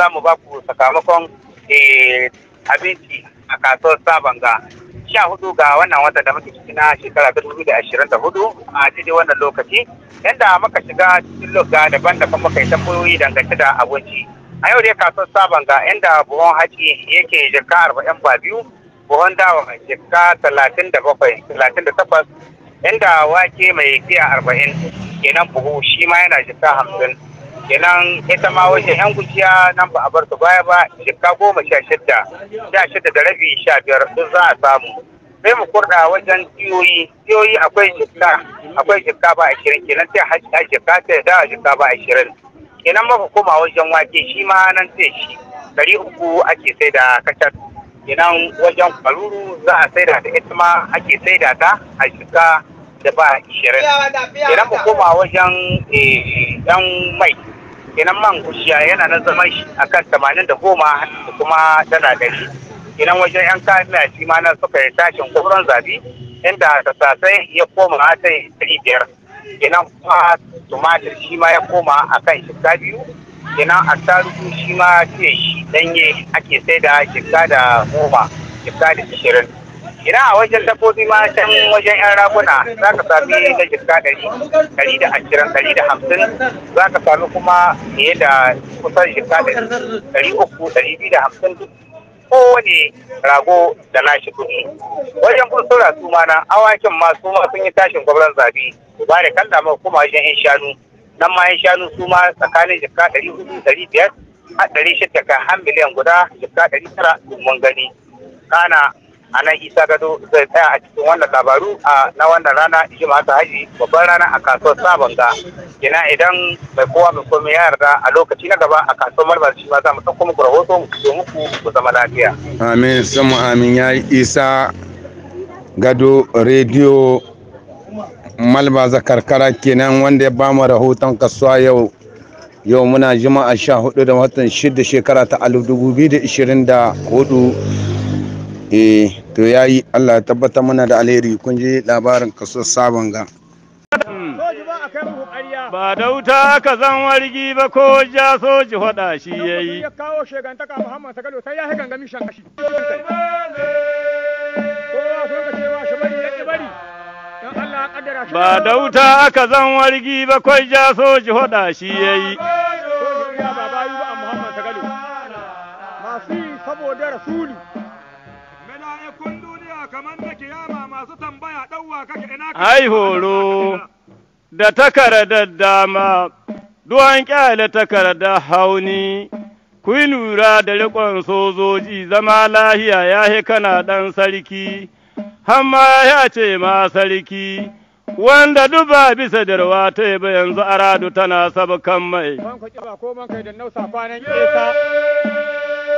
za mu ba ku sakamakon eh, abinci a kasuwar sabanga sha hudu ga wannan wata da muke ciki na shekara ta dubu da ashirin da hudu a daidai wannan lokaci yadda muka shiga cikin lokaci daban da muka kai tambayoyi dangane da abinci a yau dai kasuwar sabanga inda buhon haƙi yake jika arba'in ba biyu buhon dawa jika talatin da bakwai talatin da takwas inda wake mai tiya arba'in kenan buhu shi ma yana jika hamsin kenan ita ma wajen yan gujiya nan ba a bar su baya ba jikka goma sha shidda sha shidda da rabi sha biyar sun za a samu sai mu kurɗa wajen tiyoyi tiyoyi akwai jikka akwai jikka ba ashirin kenan sai hajjika jikka sai dawa jikka ba ashirin kenan muka koma wajen wake shi ma nan sai shi ɗari uku ake sai da kacar kenan wajen kwaruru za a sai da ta ita ma ake sai da ta a jikka da ba ashirin kenan mu koma wajen eh, eh, yan mai kenan man kushiya yana na zama shi akan tamanin da goma da kuma dala ɗari kenan wajen yan kayan shi ma na suka yi tashin gwamnan zabi inda da sasai ya koma a sai ɗari biyar kenan kuma tumatir shi ma ya koma a akan shekka biyu kenan attarugu shi ma ce shi danye ake sai da da goma shekka da ishirin Ina a wajen dabbobi ma can wajen 'yan raguna za ka sami na jirga ɗari, ɗari da ashirin, ɗari da hamsin, za ka sami kuma fiye da kusan jirga ɗari, ɗari uku, ɗari biyu da hamsin kowane rago da nashi kuɗi. Wajen kusura su ma na awakin ma su ma sun yi tashin gwamnan zabi, ba da kalla ma kuma wajen 'yan shanu. Nan ma 'yan shanu su ma tsakanin jirga ɗari hudu, ɗari biyar, a ɗari shida kan har miliyan guda jirga ɗari tara mun gani. Kana Anan isa gado zai tsaya a cikin wannan labaru a na wannan rana jima'a ta haji babban rana a kasuwar sabon ga ina idan mai kowa mai komai ya yarda a lokaci na gaba a kasuwar marmar shi ma za mu ɗauko muku rahoto mu fito muku ku zama lafiya. amin samu amin ya isa gado rediyo za karkara kenan wanda ya bamu rahoton kasuwa yau yau muna jima'a sha hudu da watan shida shekara ta alif dubu biyu da ishirin da hudu e to yayi Allah ya tabbatar mana da alheri kun ji labarin kaso sabon ga ba dauta ka zan wargi ba ko ja soji faɗa shi yayi ya yi. shegantaka Muhammad Sagalo ba dauta aka zan wargi ba ko ja soji hoda shi ya yi saboda kamar da kiyama masu tambaya ɗauwa kake ina ka ai horo da takaradar dama duwan kyale takaradar hauni ku yi lura da riƙon sojoji zama lahiya ya he kana ɗan sarki hamma ya ce ma sarki wanda duba bisa darwa ta yi ba yanzu aradu tana kan mai. Ban kwaƙi ba ko man kai da nausa kwanan ƙeta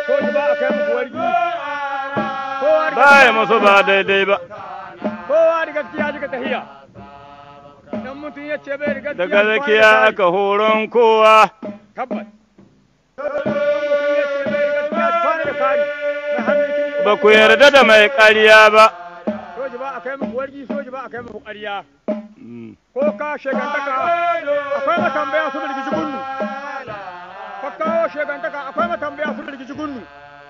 ko ba a kai muku wargi. baya masu ba daidai ba kowa da gaskiya jika tahiya idan mutum ya ce bai da gaskiya daga zakiya aka horon kowa tabbas ba ku yarda da mai ƙarya ba soji ba a kai muku wargi soji ba a kai muku ƙarya hmm. ko ka shegantaka akwai matambaya su da rikici gunnu ka kawo shegantaka akwai matambaya su da gunnu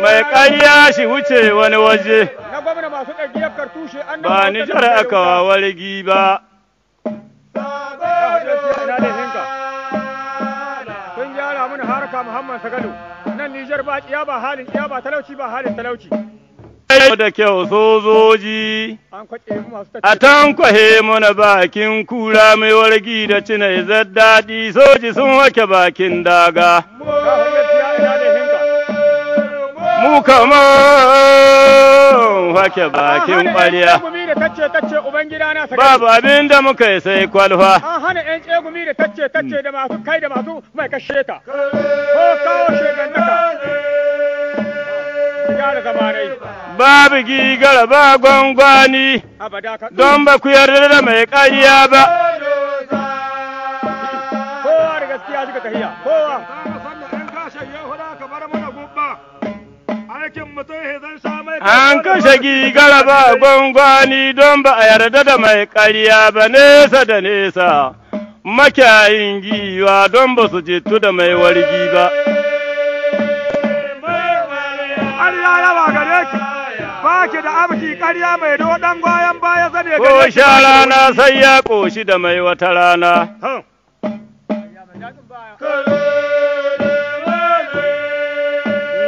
mai ƙarya shi wuce wani waje ba ni nijar aka wargi ba sun gyara mun harka muhammad sagalo nan nijar ba tsiya ba halin tsiya ba talauci ba halin talauci da kyau sojoji a tankwahe mana bakin kura mai wargi da cina izar daɗi soji sun wake bakin daga. kaman wake bakin ƙwarya. Babu abin da muka yi sai kwalfa. An hana ‘yan tsegumi da tacce tacce da masu kai da masu mai kashe ta. Ko kawo Babu gigara ba gwangwani don ba ku yarda da mai ƙarya ba. Kowa da gaskiya suka tahiya, kowa. An kashe gigara gwangwani don ba a yarda da mai karya ba nesa da nesa, makiyayin giwa don ba su jitu da mai wargi ba. Ko sha rana sai ya ƙoshi da mai wata rana.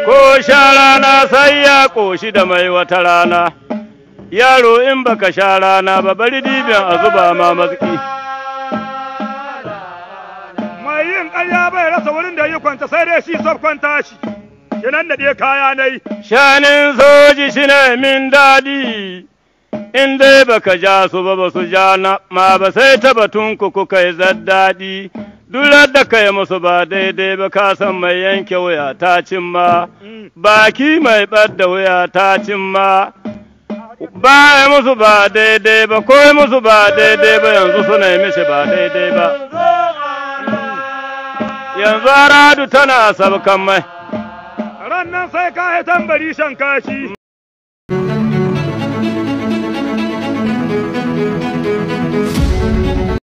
ko sha rana sai ya ƙoshi da mai wata rana yaro in baka sha rana ba bari dibin a zuba ma matsi mai yin ƙarya bai rasa wurin da yi kwanta sai dai shi sab kwanta shi kinan da kaya na yi shanin soji shi ne min daɗi in dai baka ja su ba ba su ja na ma ba sai ta batun ku kuka yi zaddadi Durar da kai musu ba daidai ba ka san mai yanke wuya ta cimma, mm. baki mai ɓadda wuya ta cimma, ba musu ba daidai ba, ko musu ba daidai ba yanzu suna yi mishi ba daidai ba. Yanzu aradu tana sabkan mai. Rannan sai ka tambari shan kashi.